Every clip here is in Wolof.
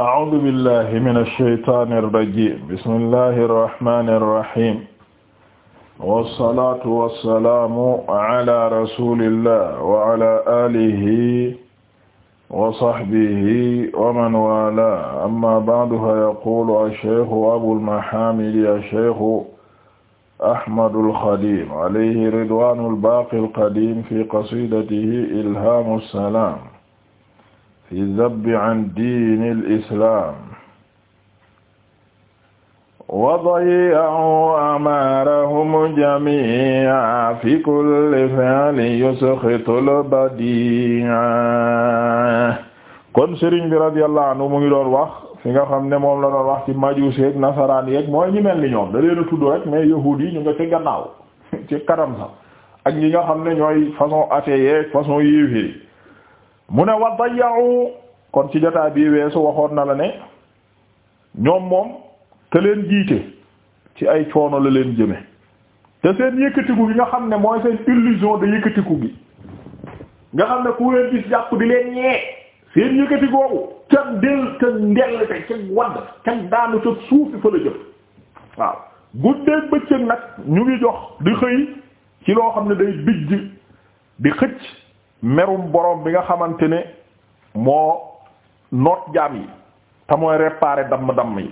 أعوذ بالله من الشيطان الرجيم بسم الله الرحمن الرحيم والصلاة والسلام على رسول الله وعلى آله وصحبه ومن والاه أما بعد فيقول الشيخ أبو المحامد الشيخ أحمد الخليل عليه رضوان الباقي القديم في قصيدته إلهام السلام fi zabbi an diini al fi kulli fi'lin yusqitu al-badii'a kon Sëriñ bi radiyallahu mu ngi doon wax fi nga xam ne moom la doon wax ci majuus yeek nasaraan yeek mooy ñi mel ni ñoom da leen a tudd rek mais yahuud yi ñu nga ci gannaaw ci kanam ak ñi nga xam ne ñooy façon athée yeek façon yéeféer mu ne wa dayawu kon ci jotaay bii weesu waxoon na la ne ñoom moom te leen jiite ci ay coono la leen jëme te seen yëkkatiku gi nga xam ne mooy seen illusion de xam ne ku leen gis jàpp di leen ñee seen yëkkati googu ca del ca ndell te ca wadd ca daanu ca suufi fa la jëm waaw guddeeg bëccëg nag ñu ngi jox di xëy ci loo xam ne day bijj di xëcc merum borom bi nga xamante ne moo noot jaam yi te mooy réparer damm-damm yi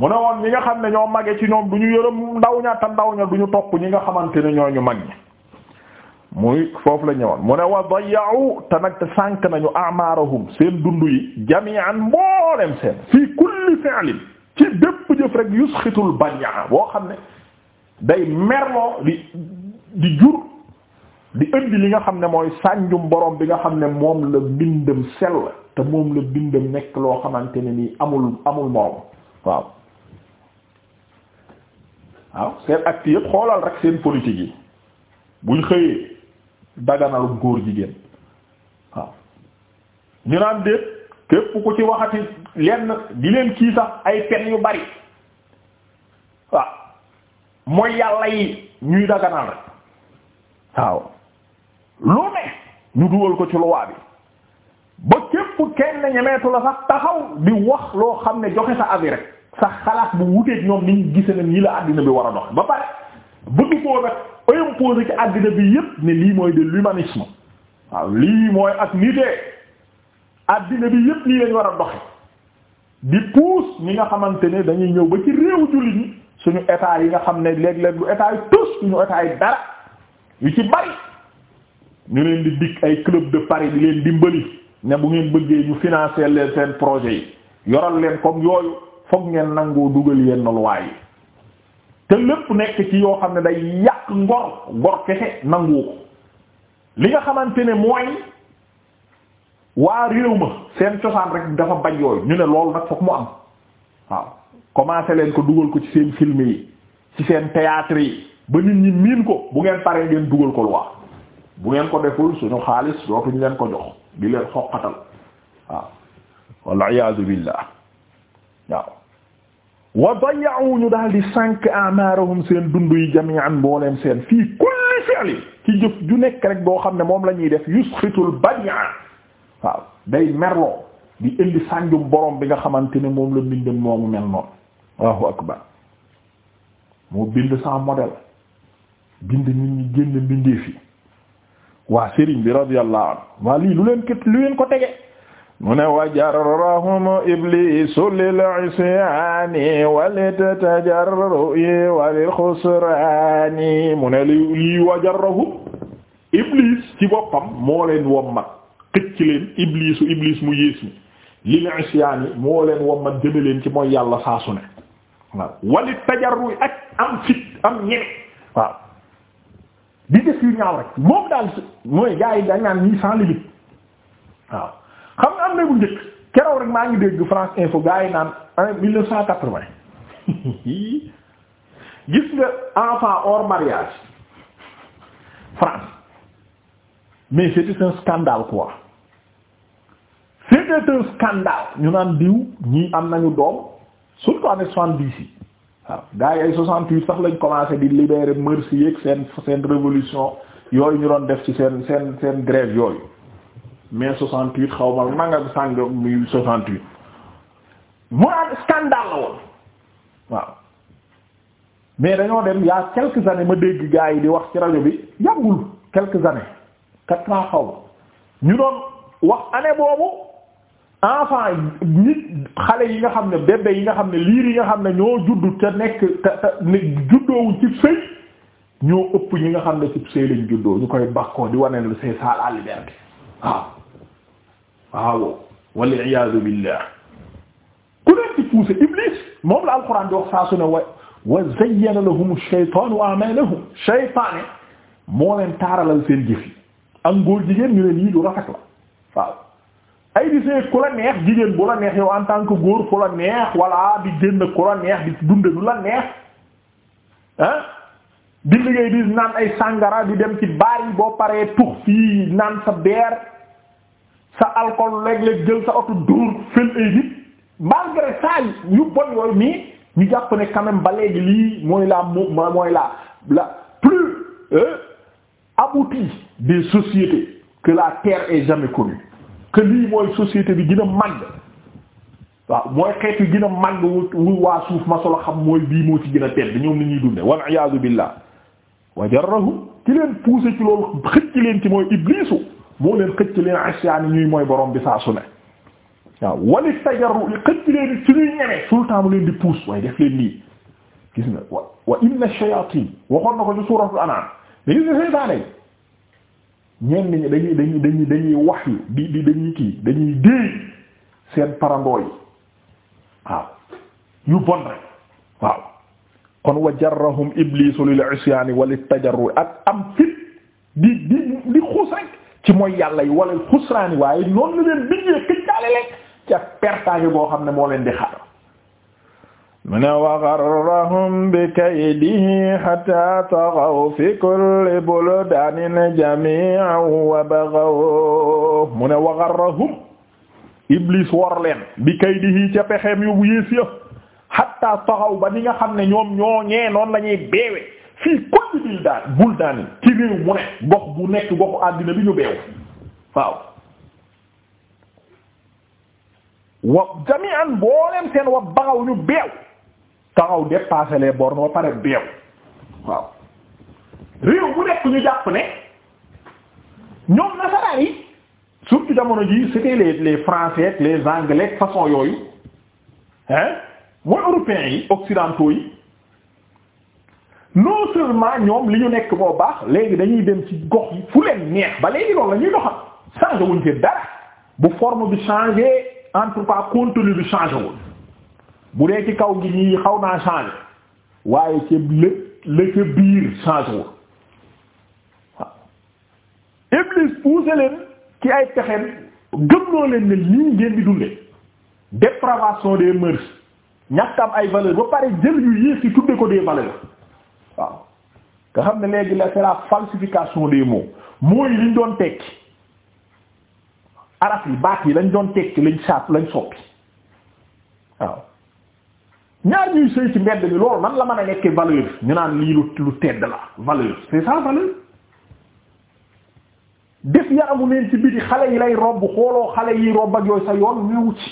mu ne woon ñi nga xam ne ñoo mage ci ñoom du ñu yërëm ndaw ña ndaw ña du ñu topp ñi nga xamante ne ñoo ñu mag ñi muy foofu la ñëwoon mu ne wa dayahu te nag te sànk nañu amaarahum seen dund yi jami'an mboolem seen fii kulli fi'lin ci bépp jëf rek yusxitul bania boo xam ne day merloo di di jur di indi li nga xam ne mooy sànjum boroom bi nga xam ne moom la bindam sell te moom la bindam nekk loo xamante ne nii amul amul morom waaw waaw seen acte yëpp xoolal rek seen politique yi buñ xëyee daganalu góor jigéen waaw ñu naan déet képp ku ci waxati lenn di leen kii sax ay pen yu bari waaw mooy yàlla yi ñuy daganal rek waaw lu ne ñu dugal ko ci luwaa bi ba képp kenn ñemeetu la sax taxaw di wax loo xam ne joxe sa avis rek sa xalaat bu wuteek ñoom niñ gise ne nii la àddina bi war a dox ba pare bëgg koo nag imposer ci àddina bi yépp ne lii mooy de l'humanisme waaw lii mooy ak nitee àddina bi yépp lii lañ war a doxe di puus ñi nga xamante ne dañuy ñëw ba ci réew jullit ñi suñu état yi nga xam ne léeg-léeg lu état yi suñu état dara yu ci bari ñu leen di dikk ay club de Paris di leen dimbali ne bu ngeen bëggee ñu financer leen seen projet yi yoral leen comme yooyu fokk ngeen nangoo dugal yenn lois yi te lépp nekk ci yoo xam ne day yàq ngor ngor kese nangoo ko li nga xamante ne mooy waa réew ma seen cosaan rek dafa bañ yooyu ñu ne loolu nag fokk mu am waaw commencé leen ko dugal ko ci seen film yi ci seen théâtre yi ba nit ñi miin ko bu ngeen paree ngeen dugal ko lu wax bu ngeen ko deful suñu xaalis dootuñ leen ko jox di leen xoqatal waaw wal iyaadu billah waaw wa daya'u ñu daal di sànq amaarahum seen dund yi jami'an mbooleem seen fii kulli fi'li ci jëf ju nekk rek boo xam ne moom lañuy ñuy def yusxitul badi'a waaw day merloo di indi sànjum borom bi nga xamante ne moom la mbindam moomu mel noonu waaw akbar moo bind sans modèle bind nit ñi génn mbindeef yi waa sëriñ bi radiyallahu anhu waa lii lu leen ko tege mu ne wajarrahum iblisu lil isyaani walitatajarru'i walil xusraani mu ne li lii wajarrahum iblis ci boppam moo wommat xëcc leen iblisu iblis mu yées mi lil isyaani moo leen wommat jëme leen ci mooy yàlla saasu ne walit tajarru'i ak am fit am ñeme waaw di def yu ñaaw rek moom daal mooy gars yi dañ naan ñii sans limite waaw xam nga am na bu njëkk maa ngi dégg France Info gars yi naan en 1980 gis nga enfant hors mariage France mais c'était un scandale quoi c'était un scandale ñu naan diw ñii am nañu doom surtout année soixante-dix yi waaw gars yi ay 68 sax lañ commencé di libérer merci yeeg seen seen révolution yooyu ñu doon def ci seen seen seen grève yooyu mais 68 xaw ma nangam sàng muy 68 mu am scandale la woon waaw mais dañoo dem yaa a quelques années ma dégg gars yi di wax ci rajo bi yàggul quelques années quatre ans xaw ñu doon wax année boobu. enfant yi nit xale yi nga xam ne bébé yi nga xam ne liir yi nga xam ne ñoo judd te nekk te te juddoowu ci sëy ñoo ëpp ñi nga xam ne ci sëy lañ juddoo ñu koy bakkoo di wane ne c'est ça la liberté waaw waaw wal iyaadu billah ku leen ci poussé Iblis moom la alxuraan di wax saa su ne wa wa zayyana lahum shaytaanu a'maalahum shaytaane moo leen taaralal seen jëf yi ak jigéen ñu ne lii lu rafet la. ay di sëy ku la neex jigéen bu la neex yow en tant que góor ku la neex walla di génn ku la neex di dunde lu la neex ah di liggéey di naan ay sàngara di dem ci baar yi boo paree tux fii naan sa beer sa alcool léeg-léeg jël sa oto dóor fël ay nit malgré ça yu bon yooyu nii ñu jàpp ne quand ba léegi lii mooy la mu mooy la la plus euh, aboutie des sociétés que la terre ait jamais connue que lii mooy société bi gën a màgg mooy xeet yu gën a màgg waa suuf ma solo xam mooy bi moo ci gën a tedd ñoom ni ñuy dunde wal iyaadu billah wa jarrahu ki leen poussé ci loolu xëcc leen ci mooy iblisu moo leen xëcc leen asiyaani ñuy mooy borom bi saa su ne waaw wali tajarru xëcc leen ci ñuy ñeme tout leen di pousse waaye def leen lii gis wa wa inna shayatin waxoon na ko ci suuratul an'am mais gis nga seytaane ñenn ñi dañuy dañuy dañuy dañuy wax yi di dañuy kii dañuy déey seen parandoo yi waaw yu bon rek waaw kon wa jarrahum iblisu lil isyaani wali tajarru ak am fit di di di xuus rek ci mooy yàlla yi wala xusraani waaye noonu la leen bindee këccaale leen ca pertaange boo xam ne moo leen di xaar mu ne wa garrahum bi kaydihi hatta taghaw fi kulli buldaanin jamii'an wa baghaw mu ne wa iblis wor leen bi kaydihi ca pexeem yu bu yées ya hatta taghaw ba ni nga xam ne ñoom ñooñee noonu la beewe fii kulli buldaanin ci réew mu ne gox bu nekk goxu àddina bi ñu beew waaw wa jamii'an booleen seen wa baghaw ñu beew taxaw dépasser les bornes ba pare beew waaw réew bu nekk ñu jàpp ne ñoom nasaraan yi surtout jamono ji c'était les les français les anglais façon yooyu hein mooy européens yi occidentaux yi non seulement ñoom li ñu nekk boo baax léegi dañuy dem ci gox yi fu leen neex ba léegi loolu la ñuy doxal changé wuñ ci dara bu forme bi changé entre pas contenu bi changé wuñ bu dee ci kaw ngi nii xaw naa changé waaye ca lë- la ca biir changé wu waaw Iblis poussé leen ci ay pexeem gëmloo leen ne lii ngeen di dundee dépravation des mœurs ñàkk am ay valeurs ba pare jël yu yées yi tudde ko des valeurs waaw nga xam ne léegi la c'est la falsification des mots mooy liñ doon tekki araf yi baat yi lañ doon tekki lañ saat lañ soppi waaw ñaar ñuy sëy ci mbedd bi loolu man la man a nekk valeur ñu naan lii lu lu tedd la valeur c'est ça def ya amu ci biti xale yi lay robb xooloo xale yi robb ak yooyu sa yoon ci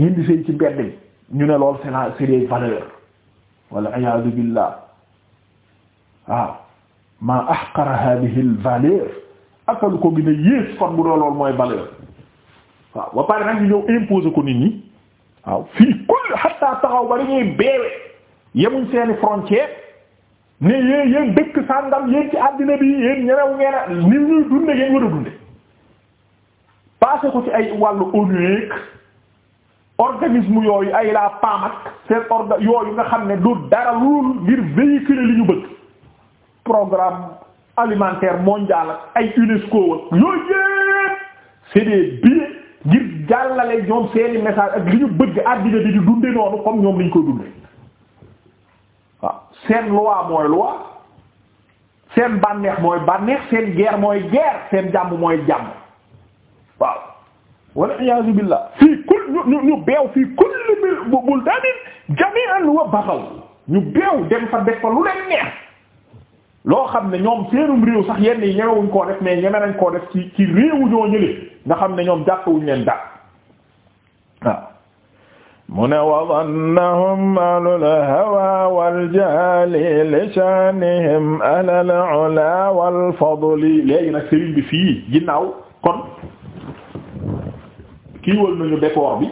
ngeen ñu ne loolu se la c'est des valeurs wala ayadu billah waaw maa ahqara hadhihi al valeur akalu ko gën a yées kon bu doo loolu mooy valeur waaw ba pare nag ñëw imposer ko nit ñi waaw fii kulli xatta taxaw ba dañuy beewe yemuñ seeni frontière ne yéen yéen dëkk sàngam yéen ci àddina bi yéen ñenew ngeena nit ñuy dunde yéen war a dunde passé ko ci ay wàllu ONU organisme yooyu ay la PAM ak seen orga yooyu nga xam ne du dara lu ngir véhiculer li ñu bëgg programme alimentaire mondial ay UNESCO ak yooyu yépp c'est des ngir jàllale ñoom seeni message ak li ñu bëgg àddina di di dunde noonu comme ñoom liñ ko dunde waaw seen loi mooy loi seen bànneex mooy bànneex seen guerre mooy guerre seen jàmm mooy jàmm waaw walla iyaazu billah fii kul ñu ñu beew fii kulli buldanin jami'an wa baxaw ñu beew dem fa def fa lu leen neex loo xam ne ñoom seenum réew sax yenn yi ñemewuñ koo def mais ñeme nañ koo def ci ci réewu ñoo ñële nga xam ne ñoom jàppewuñ leen dara waaw mu ne wa dannahum ahlul hawa wal li shanihim ahlal ula wal fadli léegi nag sëriñ bi fii ginnaaw kon kii wal nañu décor bi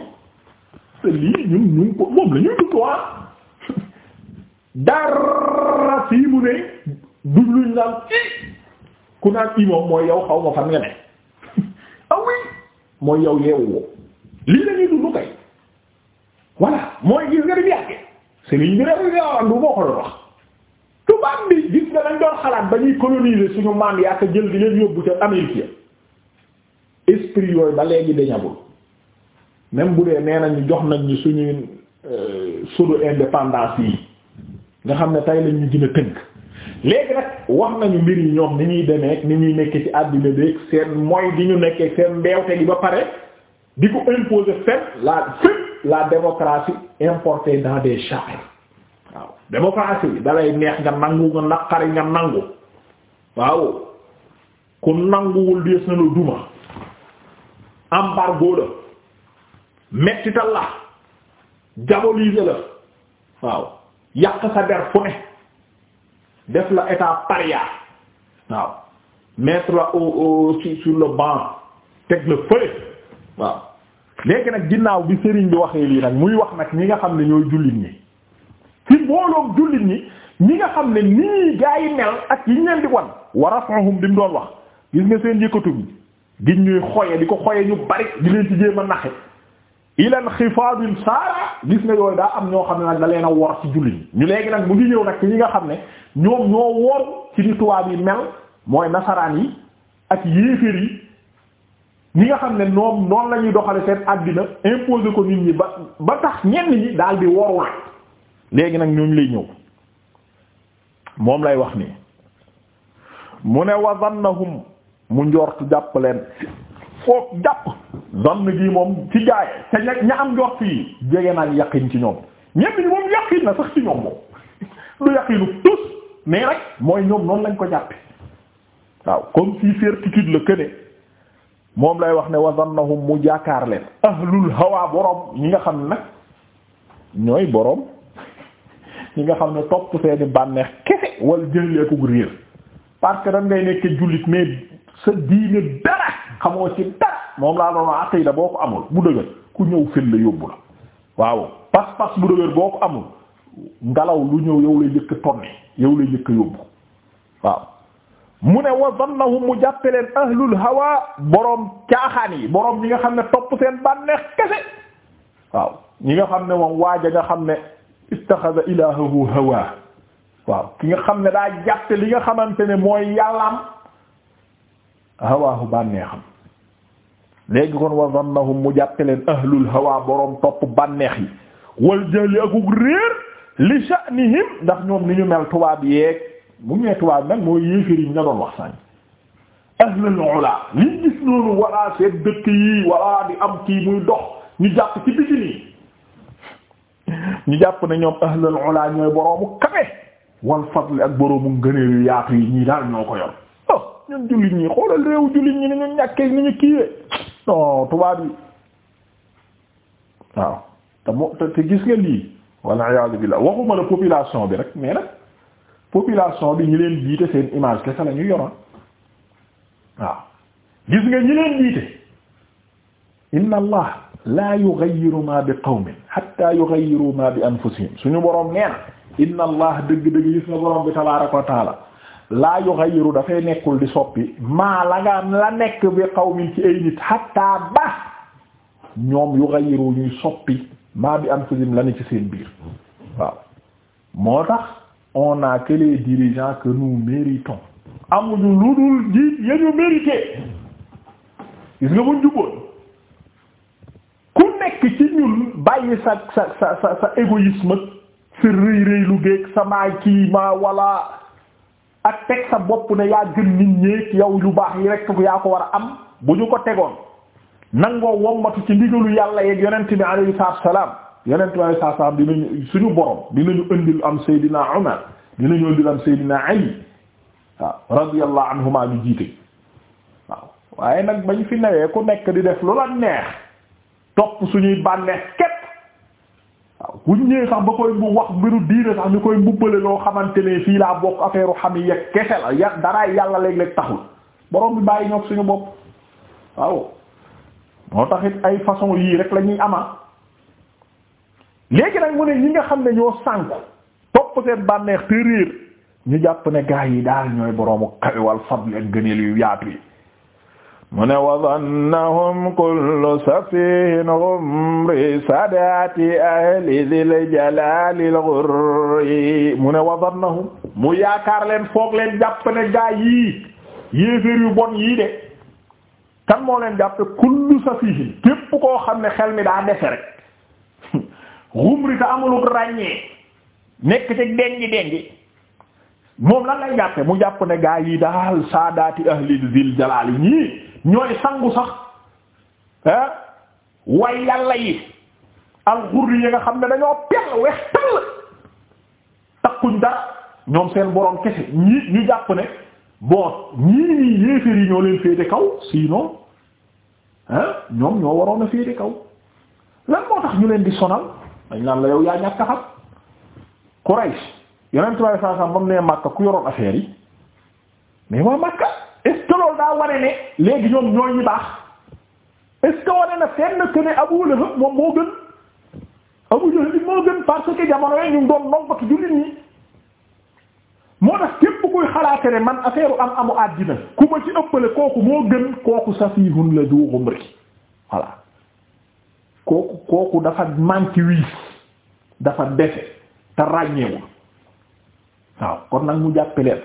te lii ñun ñun ko moom la ñuy dutoi dara fii mu ne dubluñ naan ci ku naan moom mooy yow xaw ma fan nga ne ah mooy yow yeewu lii la ñuy dund kay voilà mooy gis nga di yàggee Serigne bi rek la ñu boo ko doon wax. tubaab bi gis nga dañ doon xalaat ba ñuy coloniser suñu maam yaa ko jël di leen yóbbu ca Amérique esprit yooyu ba léegi dañagul même bu dee nee nañu jox nañ ñu suñuy euh, sunu indépendance yi nga xam ne tey lañ ñu tënk. léegi nag wax nañu mbir yi ñoom ni ñuy demee ni ñuy nekk ci àddina beeg seen mooy di ñu nekkee seen mbeewte gi ba pare. di ko imposer fenn la fépp la démocratie importée dans des chars waaw démocratie dalay neex nga nangu nga naqari nga nangu waaw ku nanguwul dees na la duma embargo la mettital la diaboliser la waaw yàq sa der fu ne def la état paria waaw mettre la au au sur le banc teg la fële waaw léegi nag ginnaaw bi sëriñ bi waxee lii nag muy wax nag ñi nga xam ne ñooy jullit ñi ci mbooloom jullit ñi ñi nga xam ne nii gaa yi mel ak yi ñu leen di wan wa raf'uhum bi mu doon wax gis nga seen yëkkatu bi gis ñuy xoye di ko xoye ñu bari di leen ci jéem a naxe ilan xifaadin saara gis nga yooyu daa am ñoo xam ne nag da leen a wor ci jullit ñi ñu léegi nag mu ngi ñëw nag ci ñi nga xam ne ñoom ñoo wor ci di tuwaab yi mel mooy nasaraan yi ak yéeféer yi ñi nga xam ne noom noonu lañuy ñuy doxale seen àddina imposer ko nit ñi ba ba tax ñenn ñi daal di woru la léegi nag ñooñu lay ñëw moom lay wax nii mu ne wa zannahum mu njort jàpp leen foofu jàpp zann gi moom ci gaaye te nag ña am njort yi jege naag yaqin ci ñoom ñenn ñi moom yaqin na sax ci ñoom moom lu yaqinu tous mais rek mooy ñoom noonu lañ ko jàppe waaw comme si certitude la këne moom lay wax ne wazannahum mu jaakaar leen ahlul hawa boroom ñi nga xam ne nag ñooy boroom ñi nga xam ne topp seeni bànneex kese wal jël akuk réer parce que dan ngay nekk jullit mais sa diine dara xamoo ci dara moom laa doon aqida boo ko amul bu dëgër ku ñëw fël la yóbbu la waaw pas-pas bu dëgër boo ko amul ngelaw lu ñëw yow lay jëkk tonni yow lay jëkk yóbbu waaw mu ne wa zannahum mu jàppe leen ahlul hawa boroom caaxaan yi boroom ñi nga xam ne topp seen bànneex kese waaw ñi nga xam ne moom waaja nga xam ne istaxada ilaahahu hawa waaw ki nga xam ne daa jàppe li nga xamante ne mooy yàllaam hawaahu bànneexam léegi kon wa zannahum mu jàppe leen ahlul hawa topp bànneex yi wal jahli akuk réer li sha'nihim ndax ñoom ni ñu mel tubaab yéeg bu ñu nee tubaab nag mooy yéeféer yi doon wax sànq. ahlul ula liñ gis noonu walla seen dëkk yi walla di am kii muy dox ñu jàpp ci biti ñu jàpp ne ñoom ahlul ula ñooy boroomu kawe wal fadl ak boroomu ngëneel yu yaatu yi ñii daal ñoo ko yor oh ñun jullit ñi xoolal réew jullit ñi ni ñu ñàkkee ni ñu kiiwee non tubaab yi waaw te moo te gis nga lii walla iyaazu billaah waxuma la population bi rek mais nag population bi ñi leen jiite seen image kese la ñu yoroon waaw gis nga ñi leen jiite inna allah la yughayyiru ma bi qawmin hatta yughayyiru ma bi anfusihim suñu boroom nee na inna allah dëgg-dëgg gis nga boroom bi tabaaraka wa taala laa yughayyiru dafay nekkul di soppi maa la nga la nekk bi qawmin ci ay nit hatta ba ñoom yughayyiru ñuy soppi maa bi anfusihim la ne ci seen biir waaw moo tax on naa que les dirigeants que nous méritons amuñu lu dul jiit ya ñu mérité gis nga buñ jubboon ku nekk ci ñun bàyyi sa sa sa sa sa sa rëy rëy lu géeg sa maay kii wala ak sa bopp na yaa gën nit ñéeg yow yu baax yi rek yaa ko war a am bu ñu ko tegoon nangoo wommatu ci ndigalu yàlla yeeg yonent bi alayhi salaam yeneen tubaab saa saa dinañu suñu borom dinañu indil am Seydina Umar dinañu indil am Seydina Ali waaw radiyallahu anhuma ñu jiite waaw waaye nag bañ fi newee ku nekk di def lu la neex topp suñuy bànneex képp waaw bu ñëwee sax ba koy bu wax mbiru diine sax ñu koy mbubbale loo xamante ne fii laa bokk affaire xam yi yegg kese la ya yàlla léeg-léeg taxul borom bi bàyyi ñoog suñu bopp waaw moo taxit ay façon yii rek la ñuy léegi nag mu ne ñi nga xam ne ñoo sànku topp seen bànneex te ñu jàpp ne gaa yi daal ñooy boroomu xawal fadl ak yu yaatu yi mu ne wa zannahum kullu safihin humri sadati ahli dhil jalali al ghurri mu ne wa zannahum mu yaakaar leen foog leen jàpp ne gaa yii yéeféer yu bon yii de kan moo leen jàpp kullu safihin képp koo xam ne xel mi daa defe rek xumri te amulul ràññee nekk ci dengi dengi moom lan lay jàppe mu jàpp ne gaa yi daal saadaati ahli zil jalaali ñii ñooy sangu sax ah way yàlla yi alxurri yi nga xam ne dañoo pel weex takkuñ dara ñoom seen boroom kese ñii ñu jàpp ne bon ñii ñii yéeféer yi ñoo leen féete kaw sinon ah ñoom ñoo waroon a féete kaw lan moo tax ñu leen di sonal dañ naan la yow yaa ñàkk xam Quraysh yeneen tubaab yi sax ba mu nee Makka ku yoroon affaire yi mais waa Makka est daa wane ne léegi ñoom ñoo ñu baax est ce que na fenn que ne Abu Lahab moom moo gën Abu Lahab moo gën parce que jamono yooyu ñu ngi doon jullit ñi moo tax képp kuy xalaate ne man affaire am amu àddina ku ma ci ëppale kooku moo gën kooku safihun la du umri voilà. kooku kooku dafa manqué wiis dafa defe te ràññeewul waaw kon nag mu jàppe leen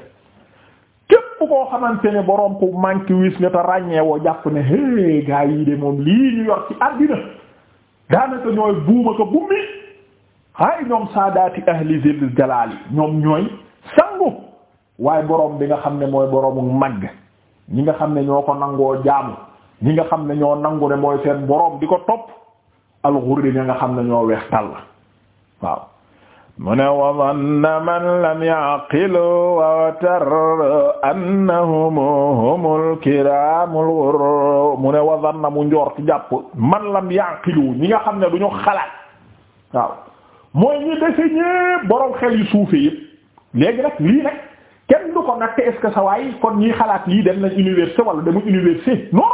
képp koo xamante ne boroom ku manqué wiis nga te ràññeewoo jàpp ne hé gaa yi de moom lii ñu yor ci àddina daanaka ñooy buuma ko bu mi ay ñoom saadaati ahli zil jalaali ñoom ñooy sangu waaye boroom bi nga xam ne mooy boroomu màgg ñi nga xam ne ñoo ko nangoo jaamu ñi nga xam ne ñoo nangu ne mooy seen boroom di ko topp alxurri ña nga xam ne ñoo weex tàll waaw mu ne wa zanna man lam yaqilu wa tar annahum humul kiramul ghurr mu ne wa zanna mu njoor jàpp man lam yaqilu ñi nga xam ne du ñu xalaat waaw mooy ñi dese ñépp boroom xel yu suufe yépp léegi nag lii nag kenn du ko nag te est-ce que kon ñiy xalaat lii dem nañ université wala demuñ université non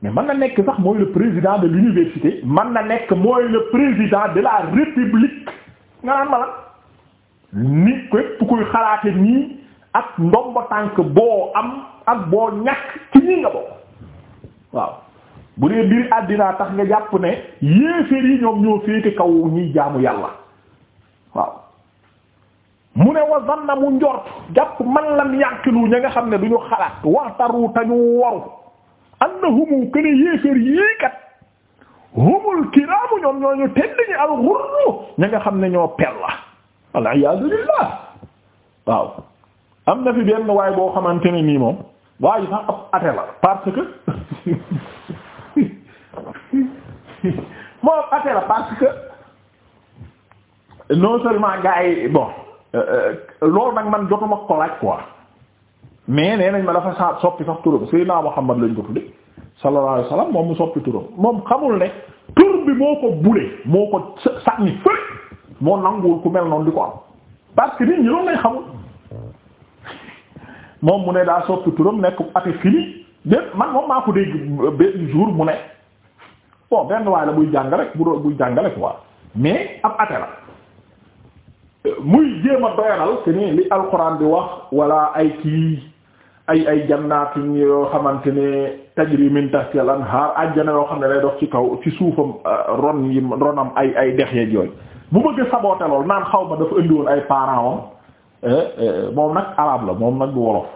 mais mën na nekk sax mooy le président de l'université man na nekk mooy le président de la république nga naan ma la ni képp kuy xalaate nii ak ndombo tànk boo am ak boo ñàkk ci ñi nga bokk waaw bu dee biir àddinaa tax nga jàpp ne yéeféer yi ñoom ñoo féete kaw ñuy jaamu yàlla waaw mu ne wa zanna mu njort jàpp man lam yànqilu ña nga xam ne du ñu xalaat waxtaru tañu waru annahumu kene yéeféer yii kat humul kiraamu ñoom ñoo ñu tedd ñi al ghurru ña nga xam ne ñoo pel la al iyaadu billah waaw am na fi benn waay boo xamante ne nii moom waaye sax ab ate la parce que moom ate la parce que non seulement gars yi bon euh, euh, loolu nag man jotuma ko laaj quoi mais nee nañ ma dafa sa soppi sax turam Seydina Muhammad lañ ko tudde sallallahu alayhi wasallam moom mu soppi turam moom xamul ne tur bi moo ko bule moo ko sànni fëri moo nanguwul ku mel noonu di ko am parce que nit ñi loolu lay xamul moom mu ne daa soppi turam nekk ate fini dépp man moom maa ko dégg benn jour mu ne bon benn waay la buy jàng rek bu doon buy jàng rek quoi mais ab ate la muy jéem a doyanal te ni li alxuraan bi wax wala ay kii ay ay jannaatin yoo xamante ne tajri min tahtiha al-anhar ajjana yoo xam ne lay dox ci kaw ci suufam euh, ron yi ronam ay ay dex yeeg yooyu bu bëgg saboote naan xaw ma dafa indi woon ay parents am euh, euh, moom nag arabe moom nag du wolof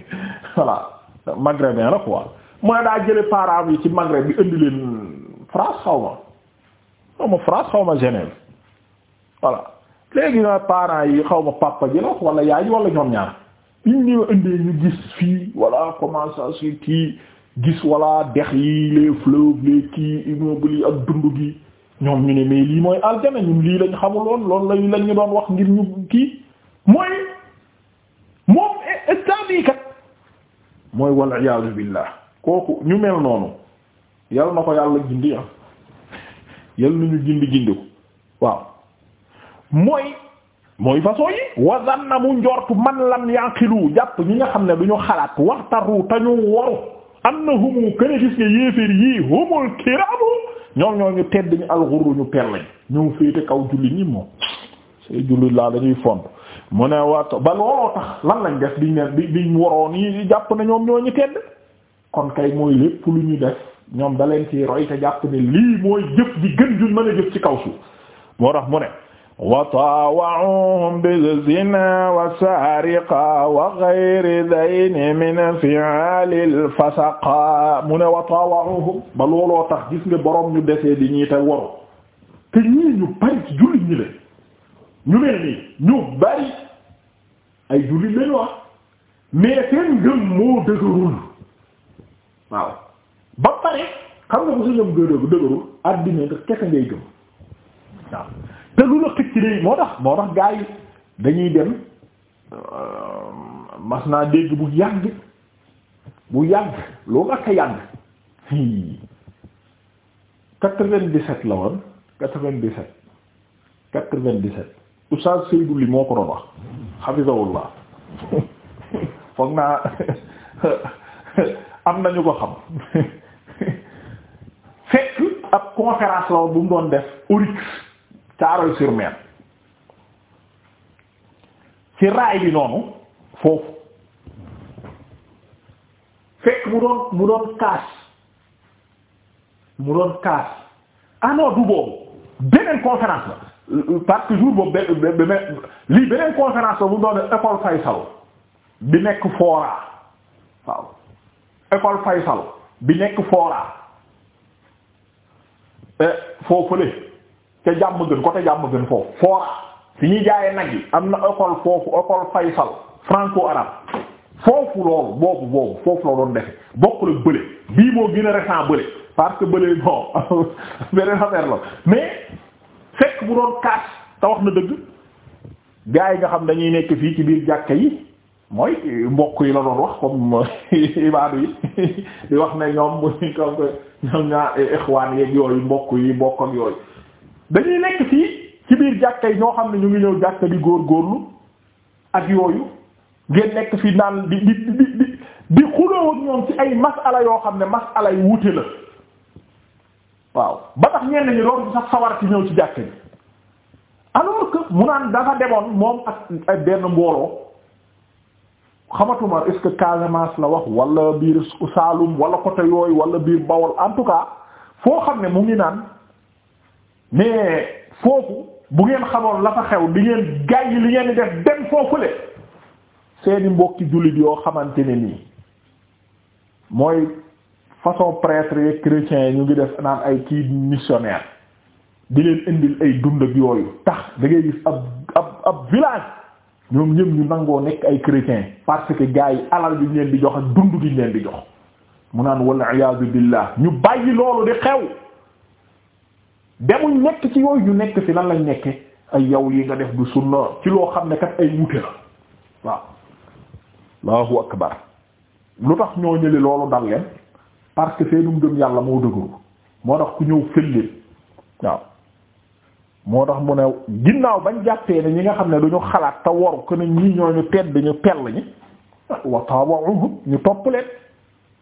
voilà maghrébin la quoi mooy daa jële parents yi ci Maghreb bi indi leen France xaw ma xaw ma France xaw ma Genève voilà léegi na parents yi xaw ma papa ji la wala yaay ji ñaar. indi ma indee ñu gis fii voilà comment si kii gis voilà dex yi les fleuves les kii immeubles yi ak dund gi ñoom ñu ne mais lii mooy aljana ñun lii lañ xamuloon loolu lañu lañ ñu doon wax ngir ñu kii mooy moom état bi mooy wal iyaazu billah kooku ñu mel noonu yal na ko yàlla gindi ah yal nañu gindi gindi ko waaw mooy. mooy façon yi wa zanna mu njortu man lam yaqilu jàpp ñi nga xam ne du ñu xalaat waxtaru te ñu waru annahumu kene gis nga yéeféer yii humul kiraamu ñoom ñoo ñu tedd ñu alxurru ñu pell ñu féete kaw julli ñi moom see julli laa dañuy fond mu ne wat ba looloo tax lan lañ def diñ ne diñ waroon yi jàpp na ñoom ñoo ñu tedd kon kay mooy lépp lu ñu def ñoom da leen te jàpp ne lii mooy jëf ji gën juñ mën a jëf ci kaw suuf moo tax mu ne wa taawa'uuhum bizzinaa wa saariqa wa ghayri dhayni min fi'aalil fasaqa mu ne wa taawa'uuhum ba looloo tax gis nga borom ñu desee di ñii te waru te ñii ñu bari ci jullit ñi nee nii ñu bari ay jullit leen wax ah. mais seen moo dëgërul waaw ba nga bu sa ngëm gën a dëgërul àddina nga kese ngay gëm waaw te lu la xëcc day moo tax moo tax gaa yi dañuy dem euh, mas naa dégg bu yàgg bu yàgg loo makka yàgg quatre-vingt-dix-sept la woon quatre-vingt-dix-sept vingt dix sept Oustaz Seydou Ly moo ko doon wax hafizahullah foog naa am nañu ko xam fekk ab conférence la woon bu mu doon def Oryx caaroy sur mer ci raay bi noonu foofu fekk mu doon mu doon kaas mu doon kaas ah non du boobu beneen conférence la parce que jour boobu lii beneen conférence la bu doon école bi nekk Fora waaw école Faysal bi nekk Fora eh, foo fële te jàmm gën côté jàmm gën foofu foora fi ñu jaayee nag yi am na école foofu école Faysal franco-arabe foofu loolu boobu boobu foofu la doon defe bokk la bële bii moo gën a récent bële parce que bële bon beneen affaire la mais fekk bu doon kaas te wax na dëgg gaa yi nga xam dañuy nekk fii ci biir jàkka yi mooy mbokk yi la doon wax comme ibaadu yi di wax ne ñoom comme que ñoom ñaa eh, ixwaan yeeg yooyu mbokk yi mbokk ak yooyu dañuy nekk fii ci biir jàkka yi ñoo xam ne ñu ngi ñëw jàkka góor góorgóorlu ak yooyu ngeen nekk fii naan di di di di di xuloo ñoom ci ay masala yoo xam ne masala yu wute la waaw ba tax ñenn ñi doon sax sawar ci ñëw ci jàkka yi alors que mu naan dafa demoon moom ak benn mbooloo xamatuma est-ce que Casamance la wax wala biir Saalum wala côté yooyu wala biir Bawol en tout cas foo xam ne mu ngi naan. mais foofu bu ngeen xamoon la fa xew di ngeen gàyyi li ngeen di def dem foofule seeni mbokki jullit yoo xamante ne nii mooy façon prêtre yeeg chrétiens yi ñu ngi def naan ay kii missionnaire di leen indil ay dund ak yooyu tax da ngay gis ab ab ab village ñoom ñëpp ñu nangoo nekk ay chrétiens parce que gars yi alal bi ngeen di jox ak dund gi ñu leen di jox mu naan wal iyaadu billah ñu bàyyi loolu di xew demuñ nekk ci yooyu ñu nekk fi lan lañ nekke ay yow lii nga def du sunna ci loo xam ne kat ay wute la waaw allahu akbar lu tax ñoo ñëli loolu dal leen parce que seenum gëm yàlla moo dëgëru moo tax ku ñëw fëllil waaw moo tax mu ne ginnaaw bañ jàppee ne ñi nga xam ne duñu xalaat te waru que ne ñoo ñu tedd ñu pell ñi wa tawauhum ñu topp leen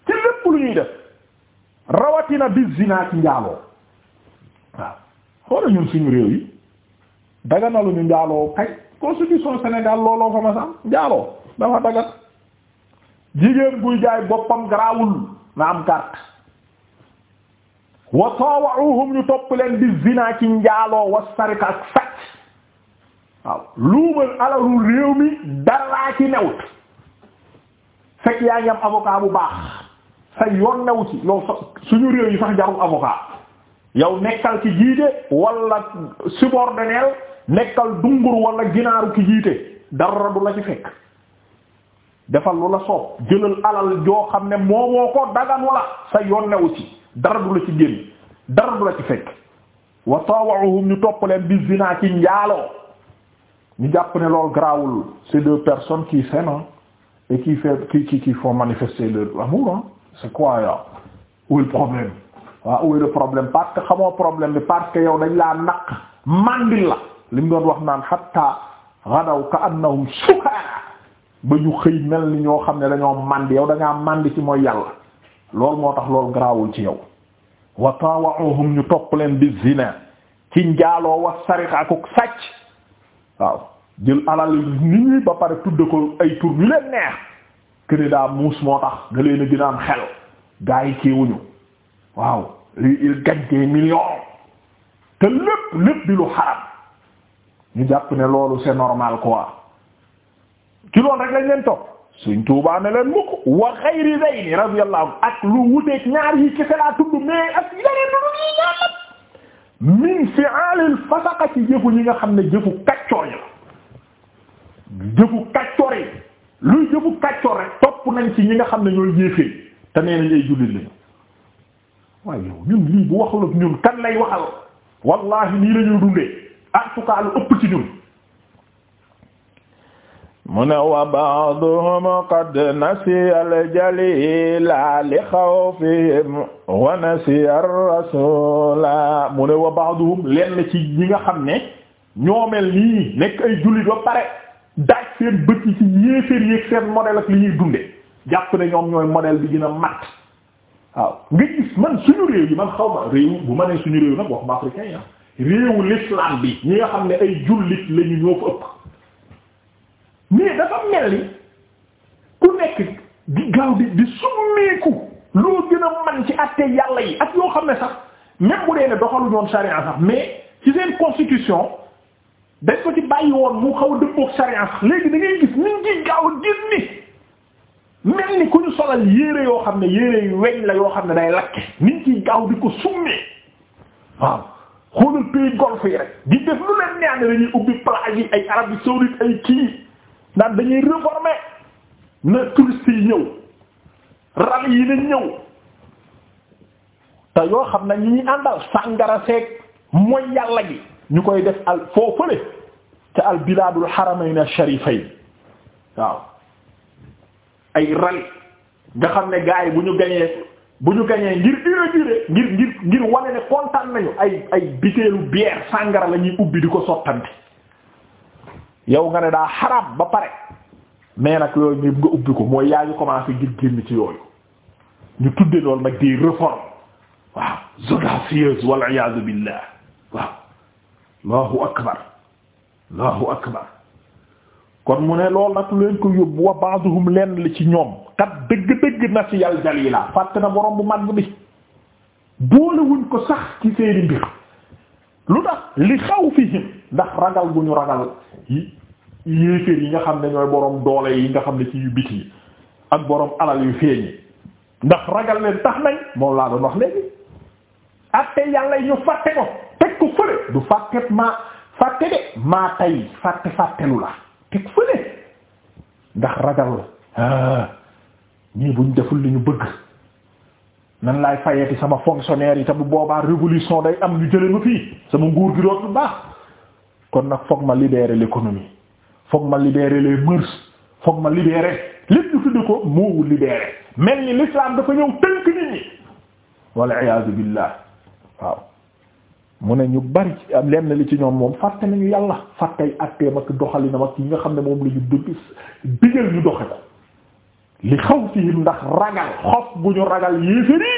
ci lépp lu ñuy def rawatina bi zina ci njaaloo waaw xoolal ñun suñu réew yi daganalu ñu njaaloo kay constitution Sénégal looloo fa ma sax njaaloo dafa dagat jigéen buy jaay boppam garaawul na am carte wa taawa'uhum ñu topp leen di zina ci njaaloo wa sarika ak waaw luumal alalu réew mi daraa ci newut fekk yaa ngi am avocat bu baax sa yoon new ci suñu réew yi sax jarul avocat yow nekkal ci jiite wala subordonnel nekkal dungur walla ginaaru ki jiite dara du la ci fekk defal lu la soob jëlal alal joo xam ne moomoo ko daganu la sa yoon newu ci dara du la ci génn dara du la ci fekk wa taawa'uhum ñu topp leen bi zina ci njaaloo ñu jàpp ne loolu garaawul ces deux personnes qui s'aiment et qui fait qui qui manifester leur amour c'est quoi là où problème waaw où est problème parce que xamoo problème bi parce que yow dañ laa naq mandil la li doon wax naan hatta ghadaw ka annahum sukara ba ñu xëy mel ni ñoo xam ne dañoo màndi yow da ngaa mandi ci mooy yàlla lool moo tax lool garaawul ci yow wa taawa'uhum ñu topp leen bi zina ci njaaloo wa sariqa akuk sàcc waaw jël alal nit ba pare tudd ko ay tur yu leen neex këne daa muus moo tax nga leen a gën a am xel gaa yi kiiwuñu waaw il gagne des millions te lépp lépp di lu xaram ñu jàpp ne loolu se normal quoi ci loolu rek lañ leen topp suñ tuubaa ne leen mukk wa xayri zayni ak lu wuteeg ñaar yi kese laa tudd mais ak yeneen lu dul ñaar nag min fi'alil fasaqa ci jëfu ñi nga xam ne jëfu kaccoor yi la jëfu kaccoor yi luy jëfu kaccoor rek topp nañ ci ñi nga xam ne ñooy yéefee te nee nañ jullit lañu waaye ñun lii bu waxul ñun kan lay waxal wallahi nii lañuy dundee en ëpp ci ñun mu ne wa ba'duhum qad nasiya al-jalila li xawfihim wa nasiya ar-rasula mu ne wa ba'duhum lenn ci ñi nga xam ne ñoomel nii nekk ay jullit ba pare daaj seen bët yi ci yéeféer yéeg seen modèle ak li ñuy dunde jàpp ne ñoom ñooy modèle bi gën a mat waaw nga gis man suñu réew yi man xaw ma réew bu ma nee suñu réew nag wax ma africain yi ah réewu l'islam bi ñi nga xam ne ay jullit lañu ñoo fa ëpp mais dafa mel ni ku nekk di gaaw di di summeeku loo gën a man ci àtte yàlla yi ak yoo xam ne sax même bu dee ne doxalu ñoom charia sax mais ci seen constitution dañ ko ci bàyyi woon mu xaw a dëppook charia sax léegi da ngay gis nit ñi gaaw gis ni mel ni ku ñu solal yére yoo xam ne yére yu weñ la yoo xam ne day lakke niñ ciy gaaw di ko summee waaw xoolal pays golf yi rek di def lu leen neex ne dañuy ubbi plage ay Arabie saoudite ay kii naan dañuy réformer na touristes ñëw rab yi nañ ñëw te yoo xam ne ñi ñuy àndal sàngara seeg mooy yàlla gi ñu koy def al foofale te al bilaadul haramayn sharifayn waaw ay rali nga xam ne gars yi bu ñu gañee bu ñu gañee ngir inauguré ngir ngir ngir wane ne kontaan nañu ay ay biteelu bière sàngara lañuy ñuy ubbi di ko sottante yow nga ne daa xaraam ba pare mais nag yooyu ñu nga ubbi ko mooy yaa ngi commencé ngir génn ci yooyu ñu tudde loolu nag di réforme waaw zodafieuse wal iyaazu billah waaw allahu akbar allahu akbar kon mu ne loolu nag leen ko yóbbu wa ba'dhum lenn li ci ñoom kat dëgg-dëgg na ci yàlla jalila fàtte na boroom bu mag bi boolewuñ ko sax ci seeni mbir lu tax li xawfihim ndax ragal bu ñu ragal yéeféer yi nga xam ne ñooy borom doole yi nga xam ne ci yu biti yi ak borom alal yu feeñi ndax ragal leen tax nañ moom laa doon wax léegi atte yàlla yi ñu fàtte ko teg ko fële du fàtte maa fàtte de maa tay fàtte fàttelu la teg fële ndax ragal ah buñ deful lu ñu bëgg nan laay fayeeti sama fonctionnaire yi te bu boobaa révolution day am ñu jëlee ma fii sama nguur gi dootul baax kon nag foog ma libérer l'économie foog ma libérer les mœurs foog ma libérer lépp ñu tudde ko moowu libérer mel ni l'islam dafa ñëw tënk nit ñi wal iyaazu billah waaw mu ne ñu bari ci lenn li ci ñoom moom fàtte nañu yàlla fàttey atteem ak doxalinam ak yi nga xam ne moom la ñu dugg digal ñu doxe ko li xaw ci ndax ragal xof bu ñu ragal yéeféri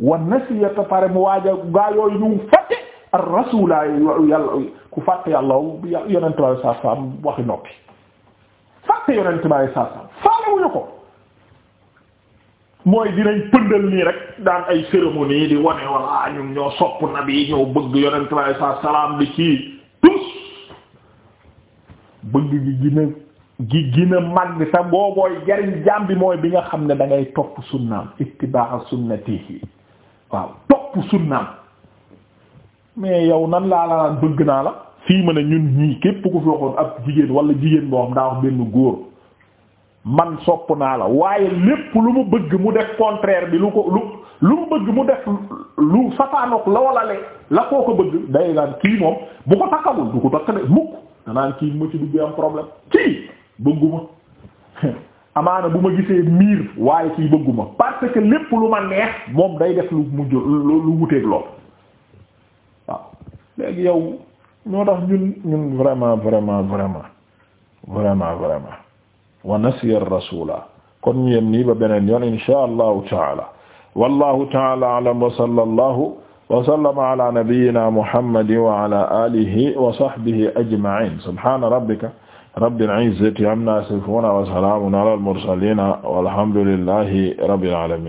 wa nasiyata pare mu waaj a gaa yooyu ñu fàtte ar yàlla ku fàtte yàlla yonente bi alei waxi noppi fàtte yonente bi alei satu salaam faale ko mooy dinañ pëndal nii rek daan ay cérémonie di wane walla ñun ñoo sopp nabi ñoo bëgg yonent bi alayhi salaatu salaam bi ci tus bëgg gi gina gi gina màgg te boobooy jariñ jaam bi mooy bi nga xam ne da ngay topp sunnaam ittibaa sunnatihi waaw topp sunnaam mais yow nan laa la naan bëgg naa la fii ma ne ñun ñii képp ku fi waxoon ab jigéen wala jigéen boo xam daa wax benn góor man sopp naa la waaye lépp lu mu bëgg mu def contraire bi lu ko lu lu mu bëgg mu def lu safaanook la wala la koo ko bëgg day naan kii moom bu ko takkawul du ko takk de mukk danaan kii mu ci duggee am problème kii bëgguma amaana bu ma gisee miir waaye kii bëgguma parce que lépp lu ma neex moom day def lu mujj lu wuteeg lool waaw léegi yow ñoo tax ñun ñun vraiment vraiment vraiment vraiment vraiment wa nasiya rasula kon ñu yem nii ba beneen yoon insha allahu taala wallahu taala alam wa sallallahu wa sallama ala nabiyyina muhammadin wa ala alihi wa sahbihi ajma'in subhana rabbika rabbil izzati amma yasifun wa salamun ala al mursalin walhamdulillahi rabbil alamin